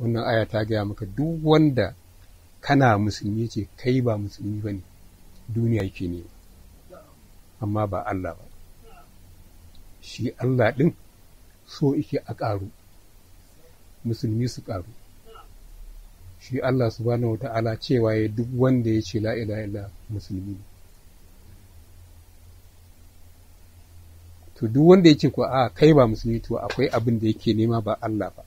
wannan aya ta gaya maka duk wanda kana musulmi ce kai ba musulmi ba ne duniya yake ne amma ba Allah ba shi Allah ɗin so yake a ƙaru musulmi su ƙaru shi Allah subhanahu ta'ala cewa ya duk wanda ya ce la'ila ila musulmi ne to duk wanda ya ce ko a kai ba musulmi to akwai abin da yake nema ba Allah ba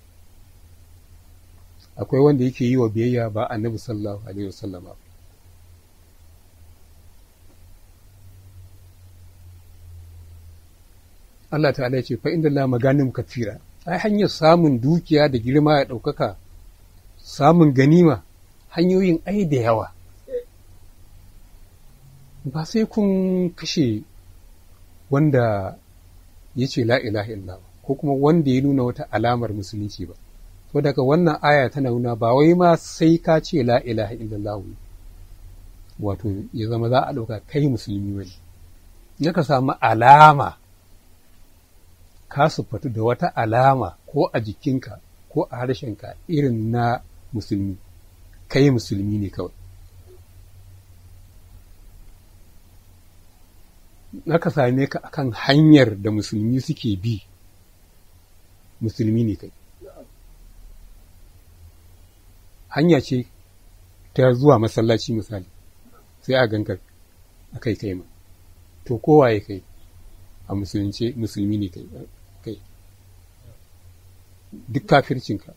akwai wanda yake yi wa biyayya ba annabi sallallahu alaihi wasallama Allah ta'ala ce fa inda Allah maganin katira ai hanyar samun dukiya da girma ya ɗaukaka samun ganima hanyoyin ai da yawa ba sai kun kashe wanda ya ce la ilaha illa ko kuma wanda ya nuna wata alamar musulunci ba Ko daga wannan aya tana nuna ba wai ma sai ka ce la ilaha illallah wato ya zama za a ɗauka kai musulmi wani ya ka samu alama ka sufatu da wata alama ko a jikinka ko a harshenka irin na musulmi kai musulmi ne kawai na ka same ka akan hanyar da musulmi suke bi musulmi ne kai hanya ce ta zuwa masallaci misali sai a ganka a kai kai ma to kowa ya kai a musulunce musulmi ne kai duk kafircinka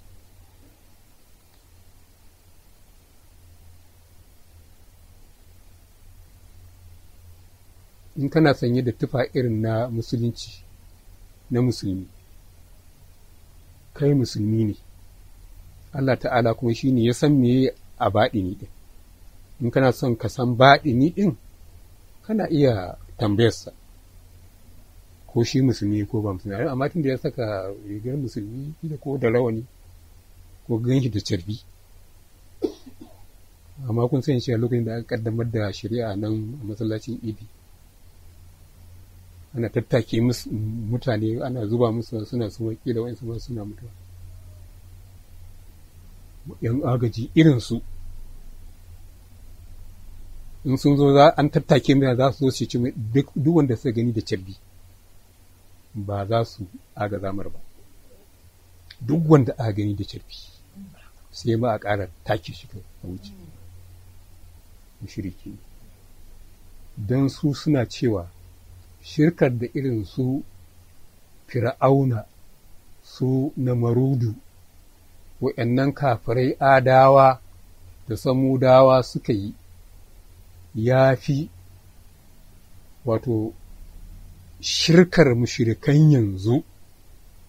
in kana sanye da tufa irin na musulunci na musulmi kai musulmi ne Allah ta'ala kuma shi ne ya san me a baɗini ɗin in kana son ka san baɗini ɗin kana iya tambayarsa ko shi musulmi ko ba musulmi amma tun da ya saka rigar musulmi da ko da rawani ko ganshi da carbi amma kun san shi a lokacin da aka kaddamar da shari'a nan a masallacin idi ana tattake mutane ana zuba musu suna su kila wa'in suna mutuwa 'yan agaji irinsu in sun zo za an tattake mai za su zo su ci duk wanda suka gani da cabbi ba za su aga zamar ba duk wanda aka gani da cabbi, sai ma a ƙara take shi ka a wuce mushriki don su suna cewa shirkar da irin su fir'auna su na marudu wa'yannan kafirai adawa da samudawa suka yi ya fi wato shirkar mashirikan yanzu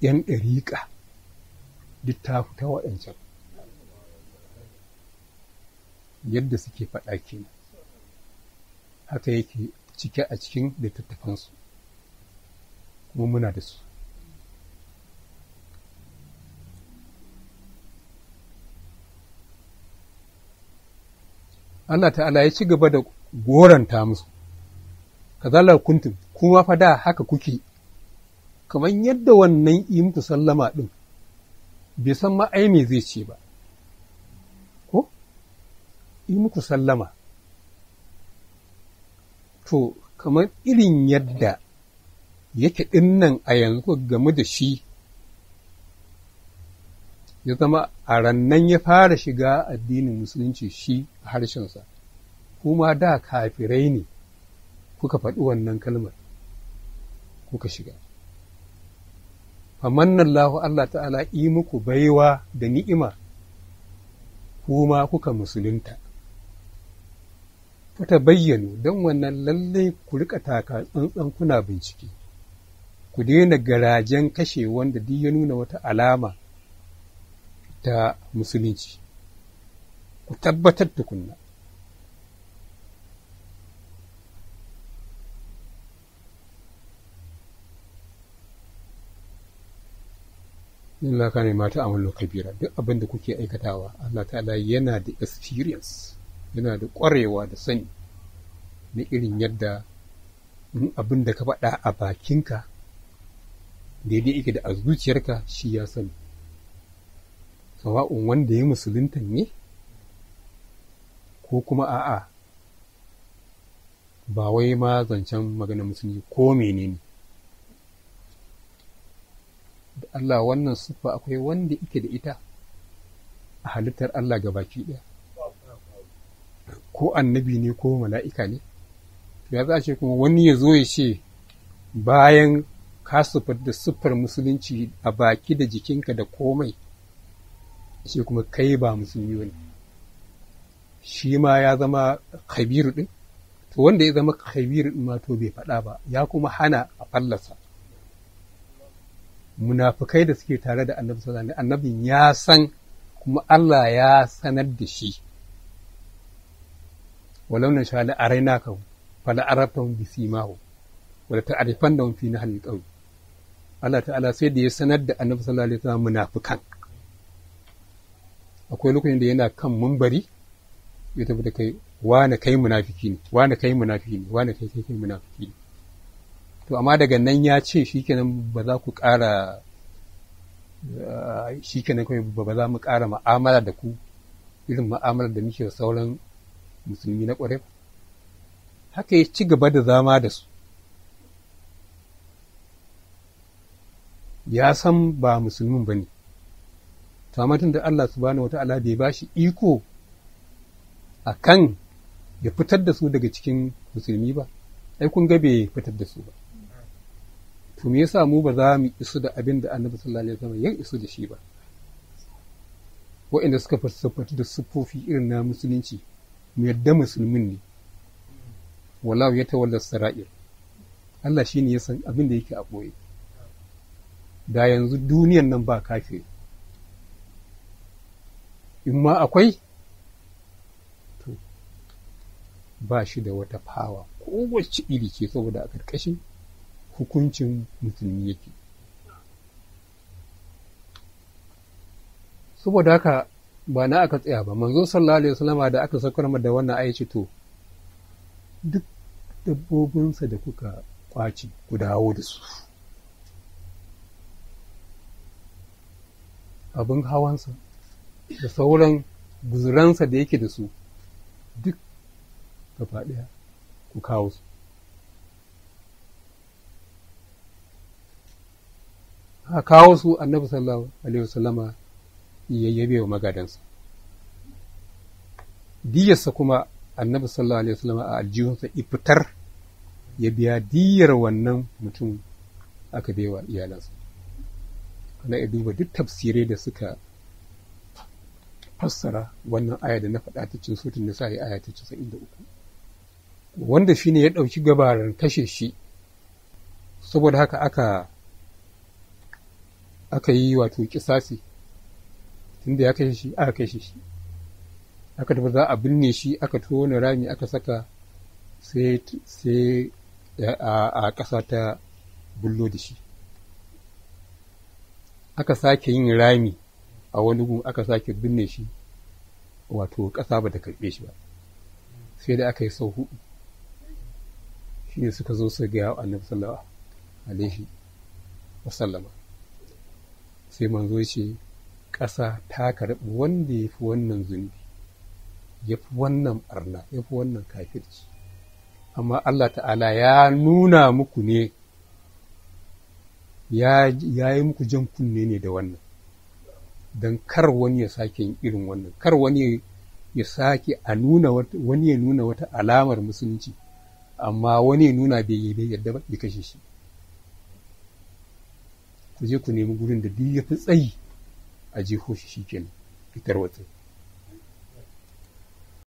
‘yan ɗariƙa duk ta ta waɗancan yadda suke faɗa ke. haka yake cike a cikin littattafansu kuma muna da su Allah ta'ala ya ci gaba da goranta musu Ka kazalar kuntum kuma fa da haka kuke kamar yadda wannan imtu sallama din bai san ma'ai zai ce ba ko yi muku sallama to kamar irin yadda yake ɗinnan a yanzu game da shi ya zama a rannan ya fara shiga addinin musulunci shi a harshensa kuma da kafirai ne kuka faɗi wannan kalmar kuka shiga famannan lahu Allah ta'ala yi muku baiwa da ni'ima kuma kuka musulunta ta bayyano don wannan lallai ku rika taka tsantsan kuna bincike ku daina garajen kashe wanda duk ya nuna wata alama ta musulunci ku tabbatar tukunna Allah ka ne mata amalu kabira duk abin da kuke aikatawa Allah ta'ala yana da experience yana da ƙwarewa da sani na irin yadda abin da ka faɗa a bakinka daidai yake da a zuciyarka shi ya sani sawa'un wanda ya musulunta ne ko kuma a'a ba wai ma zancen magana musulmi ko menene da Allah wannan siffa akwai wanda ike da ita a halittar Allah ga baki ɗaya ko annabi ne ko mala'ika ne ya za a ce kuma wani ya zo ya ce bayan ka siffar da siffar musulunci a baki da jikinka da komai shi kuma kai ba musulmi wani. shi ma ya zama Kabiru ɗin, to wanda ya zama Kabiru ɗin ma to bai faɗa ba ya kuma hana a fallasa munafukai da suke tare da annabi sallallahu Annabi ya san kuma Allah ya sanar da shi walau na a raina ka fala arafahum bi simahu wala ta'rifan da fi nahal qawl Allah ta'ala sai da ya sanar da annabi sallallahu alaihi wasallam munafukan akwai lokacin da yana kan mumbari ya tafi da kai wane kai munafiki ne wane kai munafiki ne wane kai kai munafiki ne to amma daga nan ya ce shikenan ba za ku ƙara eh, shikenan kai ba za mu ƙara ma'amala da ku irin ma'amala da muke da sauran musulmi na ƙwarai haka ya ci gaba da zama da su ya san ba musulmin ba ne to amma su Allah wata ala bai ba shi iko a kan ya fitar da su daga cikin musulmi ba ai kun ga bai fitar da su ba to me yasa mu ba za mu isu da abin da Annabi sallallahu alaihi wasallam ya isu da shi ba wa'inda suka fasafatu da siffofi irin na musulunci mu yadda musulmin ne Walau ya tawalla sara'ir Allah shi ne ya san abin da yake a ɓoye da yanzu duniyan nan ba kafiri in ma akwai ba shi da wata fawa kowace iri ke saboda a ƙarƙashin hukuncin musulmi yake saboda haka ba na aka tsaya ba manzo sallallahu alaihi wasallama da aka saukar da wannan ayi to duk dabbobinsa da kuka kwaci ku dawo da su abin hawansa da sauran guzuransa da yake da su duk gaba ɗaya ku kawo su a kawo su annabi sallallahu alaihi wasallama ya yabe wa magadansa diyarsa kuma annabi sallallahu alaihi wasallama a aljihunsa ifitar ya biya diyar wannan mutum aka baiwa iyalansa kana ya duba duk tafsirai da suka fassara wannan aya da na faɗa ta cin sutun da sa'i aya ta casa'in da uku wanda shi ne ya ɗauki gabarin kashe shi saboda haka aka aka yi wato ƙisasi, tunda ya kashe shi aka kashe shi aka tafi za a binne shi aka tona rami aka saka sai a ƙasa ta bullo da shi aka sake yin rami a wani gun aka sake binne shi wato ƙasa ba da karɓe shi ba sai da aka yi sau hudu shi ne suka zo su ga annabi sallallahu alaihi wasallama sai manzo ce ƙasa ta karɓi wanda ya fi wannan zunubi ya fi wannan ɓarna ya fi wannan kafirci amma Allah ta'ala ya nuna muku ne ya yi muku jan kunne ne da wannan don kar wani ya sake yin irin wannan kar wani ya sake a nuna wani ya nuna wata alamar musulunci amma wani ya nuna bai yi bai yadda ba ya kashe shi ku je ku nemi gurin da duk ya fi tsayi a jihoshi shi fitar watsa